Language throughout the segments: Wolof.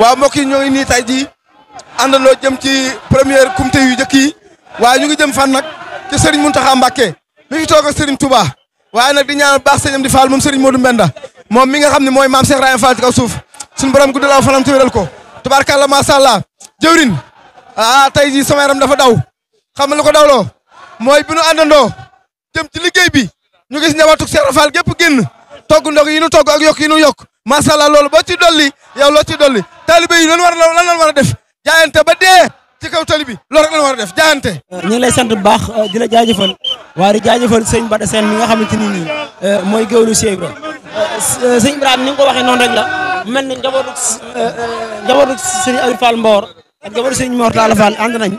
waaw mbokk yi ñoo ngi nii tey jii àndandoo jëm ci première kumte yu njëkk yi waaye ñu ngi jëm fan nag ci Serigne Mountakha Mbacké mi ngi toog ak Serigne Touba waaye nag di ñaan baax sëñam di Fall moom Serigne Modou Mbenda moom mi nga xam ne mooy maam Cheikh Rayane Fall ci kaw suuf suñu borom guddal aw fanam ci wéral ko tubaarkàlla macha allah jëwrin ah tey jii sama dafa daw xam nga lu ko dawloo mooy bi nu àndandoo jëm ci liggéey bi ñu gis njabootu Cheikh Fall gépp génn togg ndog yi nu togg ak yok yi yokk macha allah loolu boo ci dolli yow loo ci dolli taalibe yi lan war lan a def jaayante ba dee ci kaw tali bi loolu rek lan war a def jaayante. ñu ngi lay sant bu baax euh, di la jaajëfal waa di jaajëfal sëñ Bada Sène mi nga xamante ni nii euh, mooy géwlu Cheikh Ibra euh, sëñ Ibrahima ni nga ko waxee noonu rek la mel ni njabootu njabootu sëñ Abdou Fall Mbor ak njabootu sëñ Mor Talla Fall ànd nañ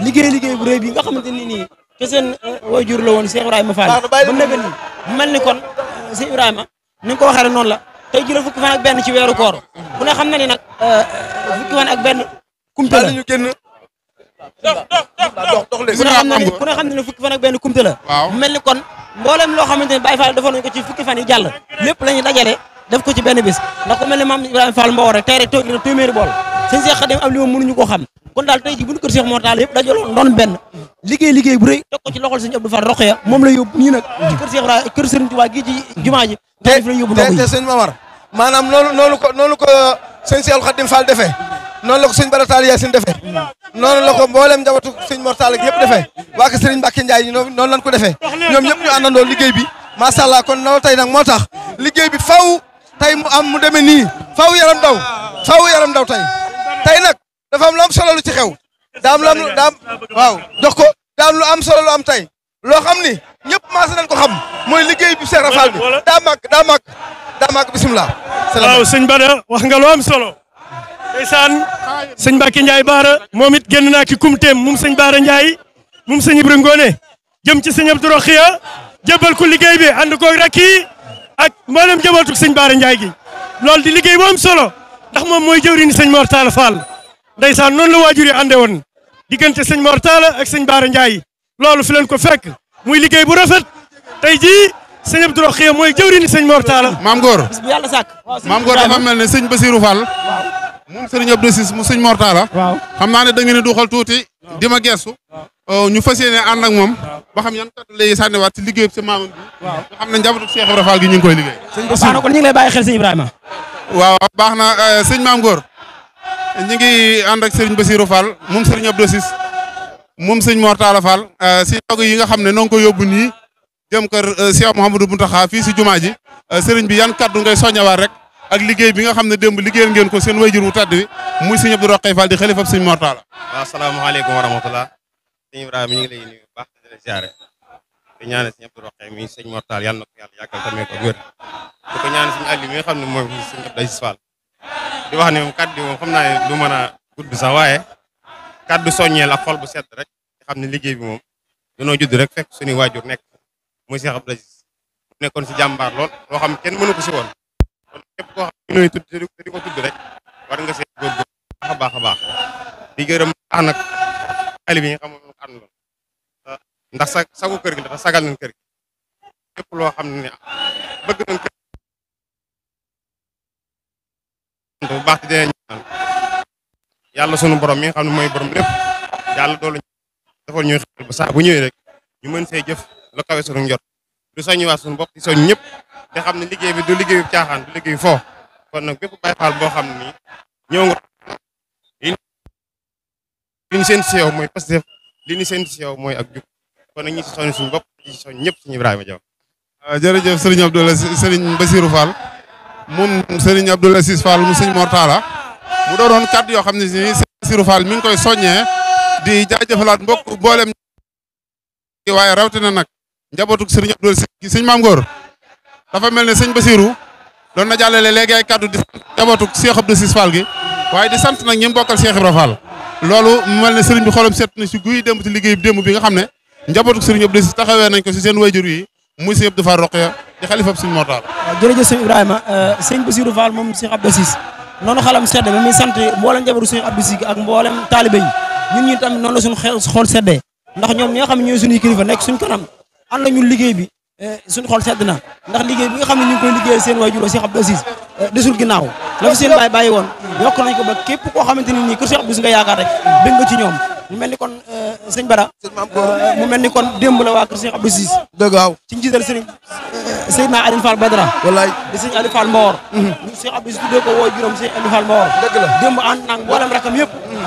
liggéey liggéey bu rëy bi nga xamante ni nii ke seen waajur la woon Cheikh Ibrahima Fall ba nëgën ni mel ni kon sëñ Ibrahima ni nga ko waxee noonu la tey jii la fukki fan ak benn ci weeru koor bu ne xam na ni nag fukki benn kumte la ñu na ne fukki fan ak benn kumte mel ni kon mboolem loo xamante ne Baye Fall defoon nañu ko ci fukki fan yi jàll lépp la ñu dajale def ko ci benn bis ndax ku mel ne maam Ibrahima Fall Mbow rek tey rek toog na téeméeri bool sëñ am li moom mënuñu ko xam kon daal tey jii bu ñu kër Cheikh Mor Tall yëpp dajaloon doon benn liggéey liggéey bu rëy teg ko ci loxol sëñ Abdou Fall Rokhaya moom la yóbbu ñii nag ci kër Cheikh Ibrahima kër Serigne Touba gi ci jumaa ji te fi la yóbbu ndox sëñ Mamar maanaam noonu noonu ko noonu ko sëñ Cheikh Khadim Fall noonu ko sëñ Bara Tall Yaasin defee noonu la ko mboolem njabootu sëñ Mor Tall ak yëpp defee waa ko Serigne Mbacke Ndiaye noonu lañ ko defee ñoom ñëpp ñu liggéey bi macha kon loolu tey nag moo tax liggéey bi faw tey mu am mu demee nii faw yaram daw faw yaram daw tey tey nag dafa am lu am lu ci xew daam la am waaw jox ko daam lu am solo lu am tey loo xam ni ñëpp maase nañ ko xam mooy liggéey bi Cheikh Rafal bi daa màgg daa màgg daa màgg bisimilah. waaw sëñ Bada wax nga lu am solo. ndeysaan sëñ Mbacke Ndiaye Baara moom it génn naa ki kumteem moom sëñ Baara Ndiaye moom sëñ Ibra Ngone jëm ci sëñ Abdou Rokhia jëbal ko liggéey bi ànd ko rakk yi ak mboolem jëbootu sëñ Baara Ndiaye gi loolu di liggéey bu am solo ndax moom mooy jëwriñu sëñ Mor Talla Fall ndeysaan noonu la waajur yi ànde woon diggante sëñ Mor Talla ak sëñ Baara Ndiaye loolu fi leen ko fekk muy liggéey bu rafet tey jii sëñ Abdou Rokhaya mooy jëwriñu sëñ Mor Talla. maam Góor yàlla sàkk. maam Góor dafa mel ne sëñ Basirou Fall. moom sëriñ Abdou Ciss mu sëñ Mor Talla. xam naa ne da ngeen di tuuti. di ma gestu. Euh, ñu fas yéene ànd ak moom. ba xam yan kat lay sànniwaat ci liggéey ci maamam bi. waaw nga xam ne njabootu Cheikh Ibrahima gi ñu ngi koy liggéey. sëñ Basirou baax na kon ñu ngi lay bàyyi xel sëñ Ibrahima. waaw baax na euh, sëñ maam Góor ñi ngi and ak Serigne Bassirou Fall mum Serigne Abdou Ciss moom Serigne mortala Talla Fall euh, si togg yi nga xamne non ko yobbu ni dem kër euh, Cheikh Mouhamadou Mountakha fii si jumaa ji euh, Serigne bi yan kaddu ngay soññawaat rek ak liggey bi nga xamne demb démb ngeen ko seen wayjur wu tàdd wi muy Serigne Abdou Rokhaya Fall di khalifa Serigne mortala Talla. waaw asalaamaaleykum wa rahmatullah Serigne ibrahim ñi ngi lay nuyu baax di la ziaré di ñaanal Serigne Abdou Rokhaya mi Serigne Mor Talla yàlla na ko yàlla ko gër ko ñaanal Serigne ali mi nga xam ne Serigne Abdou Ciss Fall di wax ni moom kaddu moom xamna naa ne du mën gudd sa waye kaddu soññeel la xol bu sedd rek xamni ne liggéey bi mom dañu judd rek fekk suñu wajur nek muy Cheikh Abdou Aziz mu nekkoon si jàmbaar lool xam ken mënu ko ci won kep ko xam ñoy tudd te di ko tudd rek war nga seen góorgóorlu baax a baax baax di gërëm tax nak ali bi nga xam moom ànd lool ndax sa sagu kër gi dafa sagal nañ kër gi kep lo xamni bëgg nañ kër bu baax di dee yàlla sunu borom mi nga xam ne mooy borom lépp yàlla doolu defal ñuy xel bu ñëwee rek ñu mën see jëf la kawe sunu njot du soññiwaat sunu bopp di soñ ñëpp te xam ne liggéey bi du liggéey bu caaxaan du liggéey foo kon nag bépp Baay Faal boo xam ne nii ñëw nga li ñu seen si yow li ñu seen si yow mooy ak jub kon nag ñi si soñ suñu bopp di soñ ñëpp suñu Ibrahima Jaw jërëjëf sëriñ Abdoulaye sëriñ moom Serigne Abdoul Aziz Fall mu sëñ Mortala mu doonoon kàddu yoo xam ne si Sirou Fall mi ngi koy soññee di jaajëfalaat mbokk boolem waaye rawatina nag njabootuk Serigne Abdoul Aziz gi sëñ dafa mel ne sëñ Basirou doon na jàllale léegi ay kàddu di sant njabootuk Cheikh Abdoul gi waaye di sant nag ñi bokkal Cheikh Ibra Fall loolu mel ne Serigne bi na si guy démb ci liggéey bi nga xam ne njabootuk Serigne Abdoul Aziz taxawee nañ ko si seen wayjur yi muy sëñ Abdou Fall Rokhaya di xalifa suñu mortaal. waaw jërëjëf sëñ Ibrahima euh, sëñ Bassirou Fall moom sëñ Abdou Ciss noonu xalam sedd ba muy sant mboolem jabaru sëñ Abdou Ciss ak mboolem taalibe yi ñun ñi tamit noonu la suñu xel ndax ñoom ñi nga xam ne ñooy suñuy kilifa nekk suñ kanam ànd liggéey bi euh, suñu xool sedd na ndax liggéey bi nga xam ne ñu ngi koy liggéeyal seen waajur sëñ Abdou Ciss euh, bàyyi woon yokk nañ ko ba képp koo xamante ni nii kër sëñ Abdou Ciss nga yaakaar rek bëgg nga ci ñoom mu mel ni kon euh, sëñ Bara. sëñ Maam Góor euh, mel ni kon démb la waa kër sëñ Abdou Cissé. dëgg waaw ci njiital sëriñ euh, Seydina Alioune Fall Badara. wallaay di sëñ Alioune Fall Mbawor. Mhm. ñu sëñ Abdou Cissé tuddee ko woo juróom Mbawor. dëgg la démb ànd rakam yëpp. Mhm.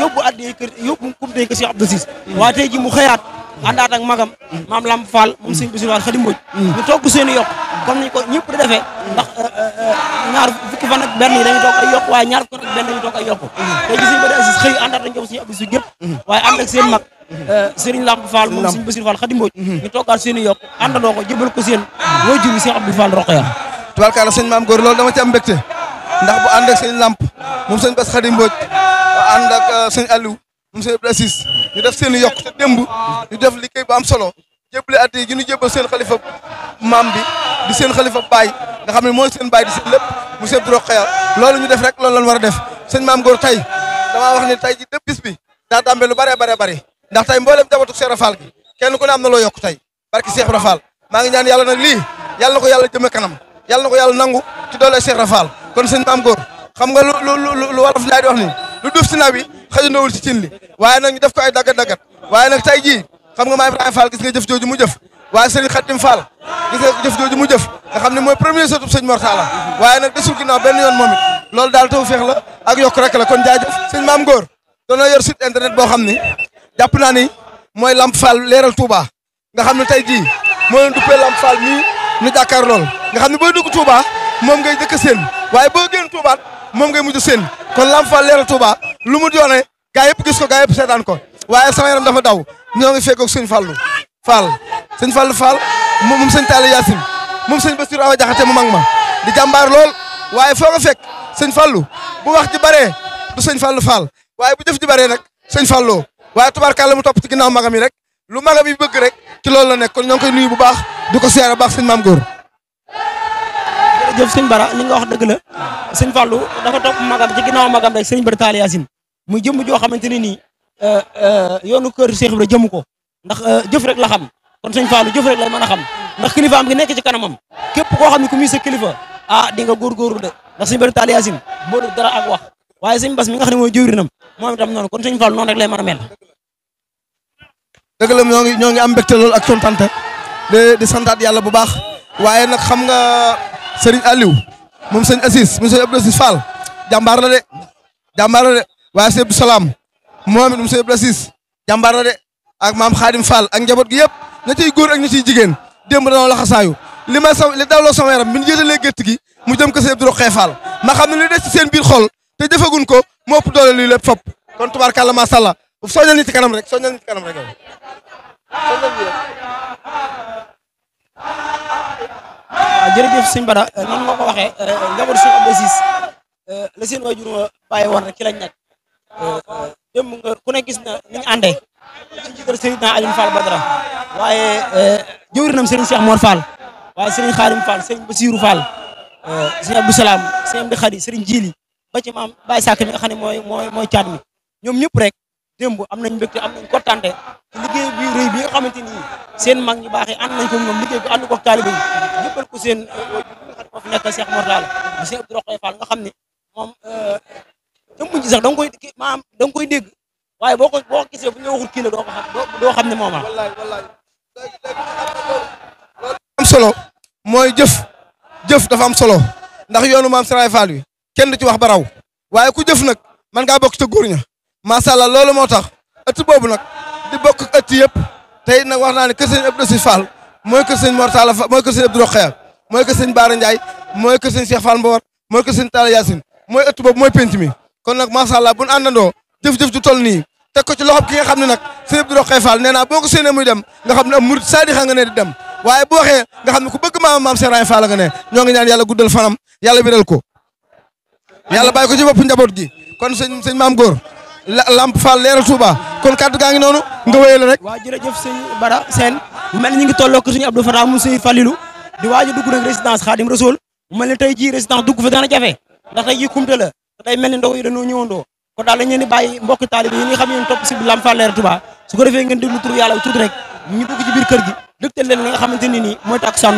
yóbbu addi kër yóbbu kum tey kër sëñ Abdou Cissé. waaye ji mu xëyaat mhm. àndaat ak magam. maam Lamp Fall moom sëñ Bissou Fall Xadim Mbodj. ñu togg seen comme ni ko ñëpp di defee ndax eh, eh, eh, ñaar fukki fan ak benn yi dañuy ay yokk waaye ñaar fukki ak benn dañuy toog ay yokk tey gis nga daal si xëy àndaat dañ ko suñu abdi su gépp ak seen mag Serigne Lamp Fall moom Serigne Bassirou Fall Khady Mbodj mm-hmm. ñu toogaat seen i yokk ko jëbal ko seen loo jur Serigne Abdou Fall Rokhaya tubaarkaala sëñ maam góor loolu dama ci am mbégte ndax bu ànd ak sëñ Lamp moom sëñ Bass Khady Mbodj ànd ak sëñ Aliou moom sëñ Abdou ñu def seen i te démb ñu def liggéey bu am solo jébale at yi ñu jébal seen khalifa mam bi di seen khalifa bay nga xamni ne seen bay di seen lepp mu seen dro xeyal loolu ñu def rek loolu lañ wara def seen mam gor tay dama wax ni tay ji depp bis bi da tàmbale lu bare bare bare ndax tay mbolam jabatu Cheikh Rafal gi kenn ku ne amna lo yok tay barki Cheikh Rafal ma ngi ñaan yalla nak li yalla nako yalla jëme kanam yalla nako yalla nangu ci doole Cheikh Rafal kon seen mam gor xam nga lu lu lu waraf lay di wax ni lu duuf ci nabi bi ci cin li waaye nag ñu def ko ay daggat daggat waye nak tay ji xam nga ma ibrahim Fall gis nga jëf joju mu jëf wa serigne Khadim Fall gis nga jëf joju mu jëf nga xamni moy mooy premier sëtub sëñ Mortala waaye nag desul ginnaaw benn yoon moom it loolu daal taw fex la ak yok rek la kon serigne mam ngor do na yor site internet bo xamni ni na ni moy Lamp Fall leeral Touba nga xamni tay ji moy moo leen Lamp Fall ni nu dakar lol nga xamni boy dugg Touba mom ngay dëkk seen waye bo gën Touba mom ngay mujj seen kon Lamp Fall leeral Touba lu mu doone gaay yep gis ko gaay yep setan ko waye sama yaram dafa daw ñoo ngi fekkoog seigne fallu Fall seigne fallu Fall moom seigne Talla Yacine moom seigne Bassirou Awa jaxate mu magma di jambar lol waye fo nga fekk seigne fallu bu wax ci bare du seigne fallu Fall waye bu jëf ji baree nag sëñ Fallou waaye tubaarkàlla mu top ci ginaaw magami rek lu magami bëgg rek ci lol la nekk kon ñoo koy nuyu bu baax diko ko baax seigne mam gor jeuf seigne Bara li nga wax deug la seigne fallu dafa top magam ci ginaaw magam rek seigne bertali Talla muy jëm joo xamanteni ni Eh, eh, yoonu keur Cheikh Ibra jëm ko ndax eh, jëf rek la xam kon seigne fallu jëf rek la mëna xam ndax am gi nekk ci kanamam kep ko xamni ku muy sa kilifa ah di nga góorgóorlu de ndax seigne Ibra Taal yasin mo do dara ak wax waye seigne Bass mi nga xamni moy jëwrinam mom tam non kon seigne fallu non rek lay mëna mel. ñongi am lol ak di di santat yalla bu baax waye nak xam nga Serigne Aliou mom seigne Assis monsieur Abdou Assis Fall jambar la de jambar la de moom it mu sëñ Blasis jàmbaar la de ak maam Xaadim Fall ak njaboot gi yëpp ña ciy góor ak ña ciy jigéen démb dañoo la xasaayu li may sa li dawloo sama yaram bi ñu jëlee gétt gi mu jëm ko sëñ Abdou ma xam ne li des ci seen biir xol te jëfagun ko moo ëpp doole lii lépp fop kon tubaarkàlla maa sha Allah soññal nit ci kanam rek soññal nit ci kanam rek waaw jërëjëf sëñ Bada noonu nga ko waxee eh, eh, njaboot Cheikh Abdou eh, la seen waajur bàyyi woon rek ci lañ démb nga eh, ku ne gis na ni ñu àndee ci kër Seydina Alioune Fall Badara waaye eh, jëwrinam Serigne Cheikh Mor Fall waaye Serigne Khadim Fall Serigne Bassirou Fall eh, Serigne Abdou Salam Serigne Abdou Khadi Serigne Djili ba ci maam Baye Sakk mi nga xam ne mooy mooy mi ñoom ñëpp rek démb am nañ mbégte am nañ kottante ci liggéey bi rëy bi nga xamante ni seen mag ñu baaxee ànd nañ ko ñoom liggéey bi ànd ko taalibe yi ñëppal ko seen moo fi nekk Cheikh Mor Fall Serigne Abdou Rokhaya Fall nga xam ne moom ëmb ji sax da nga koy maam da nga koy dégg waaye boo ko boo ko bu ñu waxul kii la doo ko xam xam ne moom la. Ah. wallaay wallaay solo mooy jëf jëf dafa am solo ndax yoonu maam Saraay fal wi kenn du ci wax ba raw waaye ku jëf nag man ngaa bokk ca góor ña macha allah loolu moo tax ëtt boobu nag di bokk ak ëtt yëpp tey nag wax naa ne kër sëñ Abdou Si Fall mooy kër sëñ Mor Talla Fall mooy kër sëñ Abdou Rokhaya mooy kër sëñ Baara Ndiaye mooy kër sëñ Cheikh mooy boobu mooy penc mi kon nag macha allah bu nu àndandoo jëf-jëf ju toll nii teg ko ci loxob ki nga xam ne nag sëñ Abdou Rokhaya Fall nee ko séenee muy dem nga xam ne am murid saadixa nga ne di dem waaye bu waxee nga xam ne ku bëgg maam maam Serigne Fall nga ne ñoo ngi ñaan yàlla guddal ko yàlla bàyyi ko ci bopp njaboot gi kon sëñ sëñ maam góor Lamp Fall leeral Touba kon kaddu gaa ngi noonu nga wéyale rek waaw jërëjëf sëñ Bara seen mel ñu ngi tolloo ko suñu Abdou Fatah mu sëñ Falilou di waaju dugg nag résidence Khadim Rasoul tey jii résidence dugg fa dana jafe ndax tey jii la day mel ni ndogu yi dañoo ñëwandoo kon daal dañ leen di taalib yi nga xam ne topp si bi Lamp Fall Leeral Touba su ko defee ngeen déglu tur yàlla tuuti rek ñu dugg ci kër gi dëgtal leen li nga xamante ni nii mooy tàkkusaan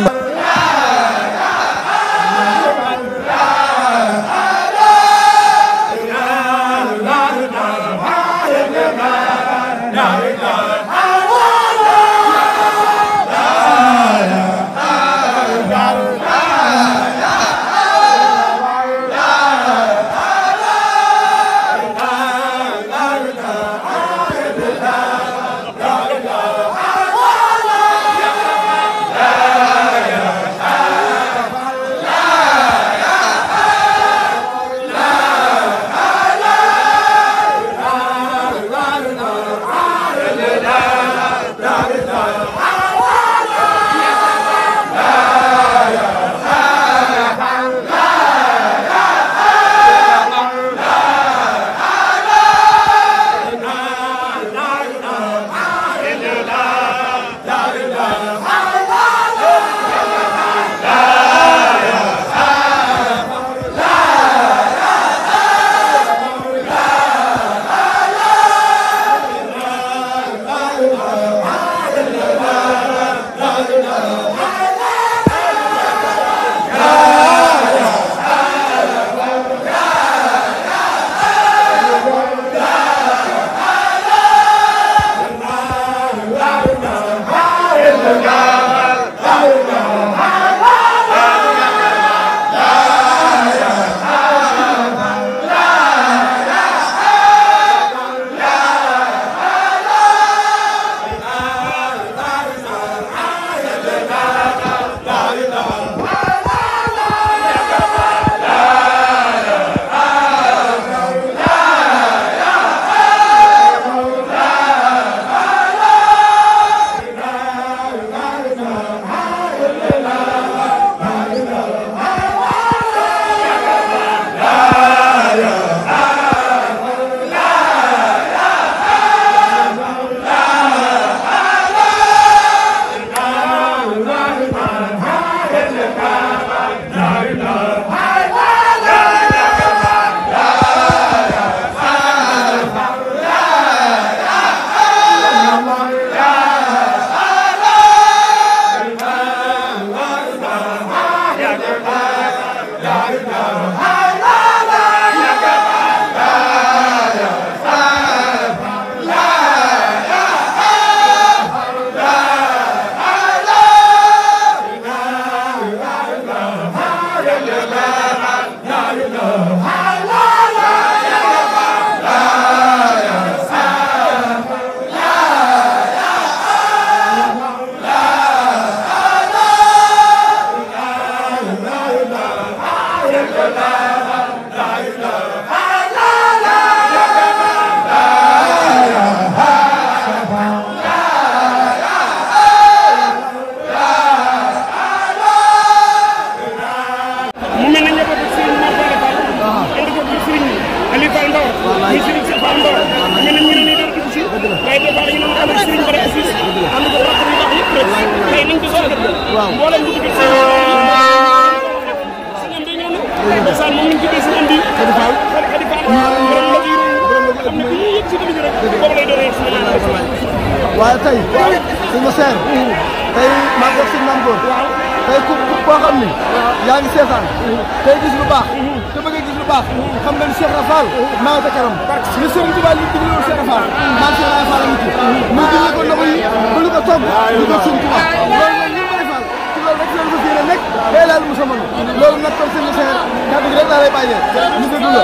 yaa ngi seetaan tey gis lu baax te bëgg a gis lu baax xam nga ni Cheikh Rafal maa ta karam li Serigne Touba li digle ba lu ko togg di ko Serigne Touba loolu nag ñu ngi koy faal ci loolu rek lañ ko fiire nekk loolu nag kon seen Cheikh kàddu gi rek laa lay bàyyee ñu déglu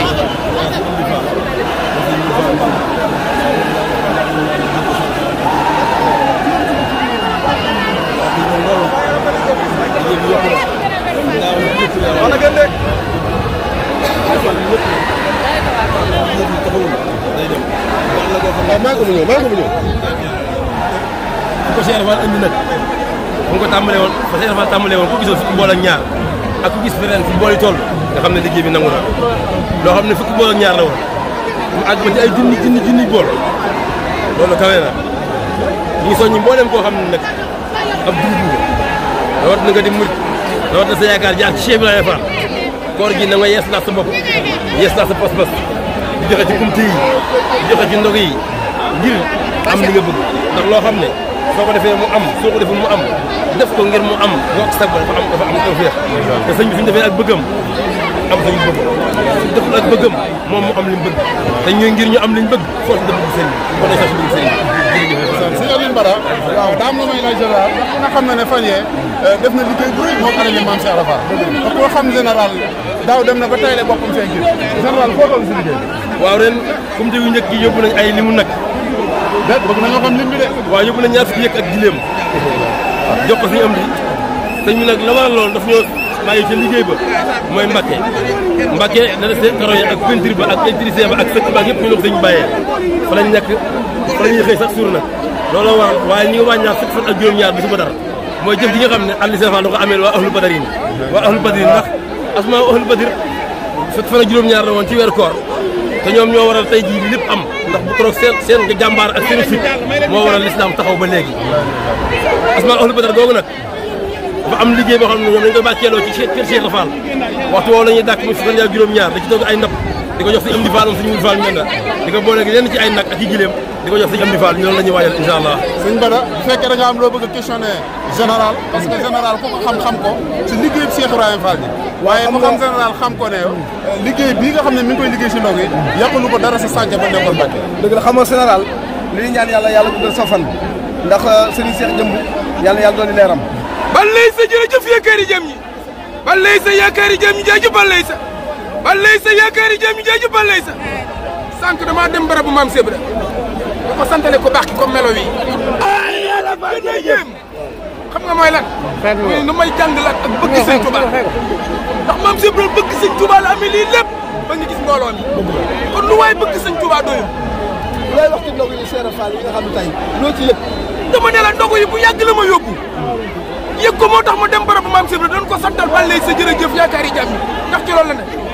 tàmbalee woon ku gisoon fukki mbool ak ñaar ak ku gis beneen fu mbool yi toll nga xam ne bi nangu na loo xam ne fukki mbool ak ñaar la woon mu àgg ba ci ay junni junni junni bool loolu kawe na ñu ngi soññi mbooleem koo xam ne nag ab dugub nga rawat na nga di murit rawat na sa yaakaar jaar ci Cheikh Ibrahima koor gi na nga yees laa sa bopp yees laa sa pas di joxe ci kumte yi di joxe ci ndog yi ngir am li nga bëgg ndax loo xam ne soo ko defee mu am soo ko defee mu am def ko ngir mu am moog sag dafa am dafa am tawfeex te sëñ bi fi ñu defee ak bëggam am sëñ bëgg deful ak bëggam moom mu am li mu bëgg te ñuy ngir ñu am li ñu bëgg foo si dëgg sëñ bi kon sax dëgg sëñ bi sëñ Alioune Bara waaw daam na may laaj général ndax nga xam ne ne fan yee def na liggéey bu rëy moo xale ne maam si Arafa te koo xam général daaw dem na ba tayle boppam seen gir général foo toll si liggéey waaw ren comme te yu njëkk yi yóbbu nañ ay limu nag déet bëgg na nga xam lim bi de. waaw yóbbu na ñaar fukki ak gileem. waaw jox ko fi am di. sëñ bi nag la waral loolu daf ñoo bàyyi ca ba mooy Mbacke. Mbacke dana seen karo yi ak peinture ba ak électricien ba ak sëkk ba ak yëpp ñu ne ko sëñ bàyyee fa lañ nekk fa lañuy xëy sax suur nag wa waaye ñu ngi wàññaat fukki fan ak juróom-ñaar bi su Badar mooy jëf ji nga xam ne Aliou Sefane da ko ameel waa ahlu Badar yi waa ahlu Badar yi ndax asmaa ahlu Badar fukki fan ak juróom-ñaar la woon ci weer koor te ñoom ñoo waral tey jii lépp am ndax bu trop seen seen nga jàmbaar ak seen fit moo waral lislaam taxaw ba léegi asmaan ahlu badar googu nag dafa am liggéey boo xam ne ñoom dañu koy bàcceeloo ci kër Cheikh Fall waxtu woowu la ñuy mu fukki juróom-ñaar da ci togg ay ndab di ko jox suñu am di faal moom suñu wul faal ñu di ko booleeg ci ay nag ak i gileem di ko jox sëñ Amdi Fall ñoom la ñuy waajal incha allah sëñ Bada bu fekkee loo bëgg a questionner général parce que général ko xam-xam ko ci liggéey bi Cheikh Ibrahima Fall ji waaye xam ko ne euh, liggéey bii nga xam ne mi ngi koy liggéey si ndog yi yàqulu ko dara sa sànca ba nekkoon Mbàkke dëgg la xamoo li ñaan yàlla yàlla guddal sa ndax euh, sëriñ Cheikh jëmb yàlla yàlla doon di leeram ban lay sa jërëjëf yaakaari jëm ñi ban lay sa yaakaari jëm ñi jaaju ban lay sa ban lay sa yaakaari jëm ñi jaaju ban lay sa sànq damaa dem barabu maam Sèye bu ko santale ko baax ki comme melo wi. ah yàlla ba day yéem xam nga mooy lan. xeet muy nu may jàngalaat ak bëgg sëñ Touba. ndax maam si Ibrahima bëgg sëñ Touba la lii lépp ba nga gis mbooloo mi. kon lu waay bëgg sëñ Touba doyul. looy wax ci ndogu yi Cheikh Fall yi nga xam loo ci yëg. dama ne la ndogu yi bu yàgg la ma yóbbu. yëg ko moo tax ma dem barabu maam si Ibrahima doon ko santal ban lay sa jërëjëf yaakaar yi jàmm ndax ci loolu la ne.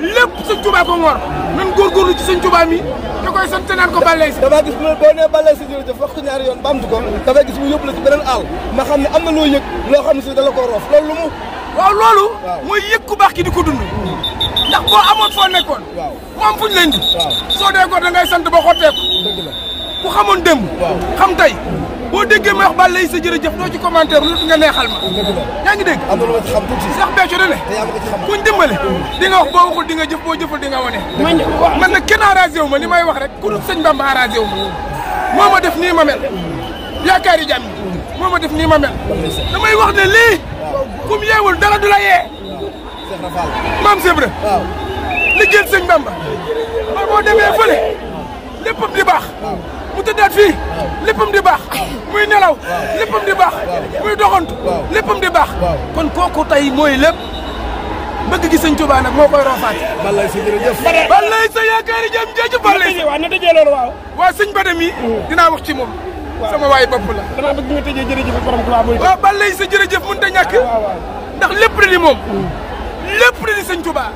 lépp sëñ Touba ko ngor nan góorgóorlu ci sëñ Touba mi da koy sant naan ko balay si dama gis mu boo nee balay si jërëjëf ñaari yoon bamtu ko dafay gis mu yóbbu la ci beneen àll ma xam ne am na loo yëg loo xam ne si dala ko roof loolu mu waaw loolu mooy yëg ku baax ki di ko dund ndax boo amoon foo nekkoon moom fuñ leen di soo dee ko da ngay sant ba xotteeku ku xamoon démb. xam tey boo déggee ma wax Balla yi sa jërëjëf doo ci commentaire lu nga neexal ma. yaa ngi dégg. am na lu ma ci da ne. kuñ dimbale. di nga wax boo waxul di jëf boo jëful di wane. man nag kenn arrangé wu ma li may wax rek ku dul sëñ Bamba arrangé wu ma. moo ma def nii ma mel. yaakaari jàmm yi moo ma def nii ma mel. damay wax ne lii. kum yeewul dara du la yee. maam Sebre. waaw liggéeyal sëñ Bamba. boo demee fële lépp di baax. mu tëddaat fii léppam di baax muy nelaw léppam di baax muy doxantu léppam di baax kon kooku tey mooy lépp bëgg gi sëñ Tuubaa nag moo koy roofaati balay sa jërëjëf balay sa yaakaari jëm jëjëf balay waaw na tëjee loolu waaw waaw sëñ Bada mi dinaa wax ci moom sama waay bopp la dama bëgg nga tëjee jërëjëf borom Tuubaa mooy waaw balay sa jërëjëf mënut a ñàkk ndax lépp di moom mm. lépp di sëñ Tuubaa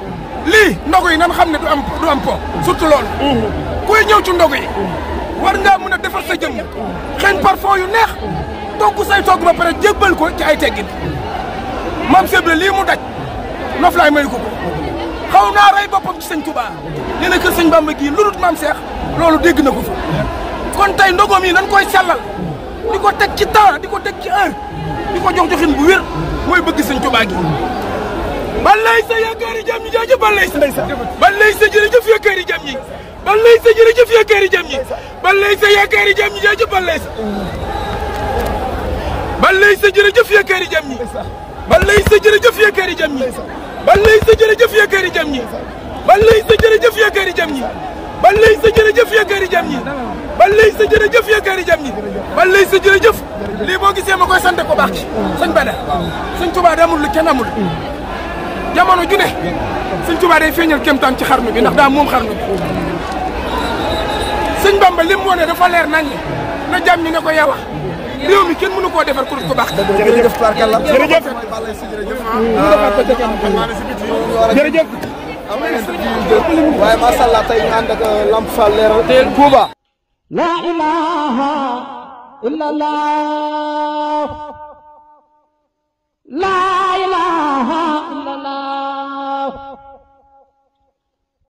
lii ndogu yi nan xam ne du am du am po surtout loolu mm. kuy ñëw ci ndogu yi mm. war ngaa mën a defar sa jëmm xëy parfum yu neex togg say togg ba pare jébbal ko ci ay teggin maam Seble lii mu daj noflaay may ko ko xaw naa rey boppam ci sëñ Touba nee na kër sëñ Bamba gii lu dul Seex loolu dégg na ko fa kon tey ndogoom yi dañ koy sellal di ko teg ci temps di ko teg ci heure di ko jox joxin bu wér mooy bëgg sëñ Touba gi. balay sa yaakaari jàmm ñi jaajëf balay sa. balay sa jërëjëf yaakaari jàmm ñi. ban lay sa jërëjëf yaakaari jàmm ñi ban lay sa yaakaari jàmm ñi jaajëf ban lay sa ban lay sa jërëjëf yaakaari jàmm ñi ban lay sa jërëjëf yaakaari jàmm ñi ban lay sa jërëjëf yaakaari jàmm ñi ban lay sa jërëjëf yaakaari jàmm ñi ban lay sa jërëjëf yaakaari jàmm ñi ban lay sa jërëjëf yaakaari jàmm ñi ban lay sa jërëjëf lii boo gisee ma koy sant ko baax ci sëñ Bada sëñ Tuubaa amul lu kenn amul jamono ju ne sëñ Tuubaa day feeñal kéemtaan ci xarnu bi ndax daa moom xarnu bi sëñ Bamba li mu wane dafa leer naññi na jàmm ñi ne ko yaa wax réew mi kenn mënu koo defar ku ko baax. jërëjëf jërëjëf jërëjëf. waaye macha allah tey ñu ànd ak euh, Lamp Fall Leral teel Touba. la ilaha illallah la ilaha.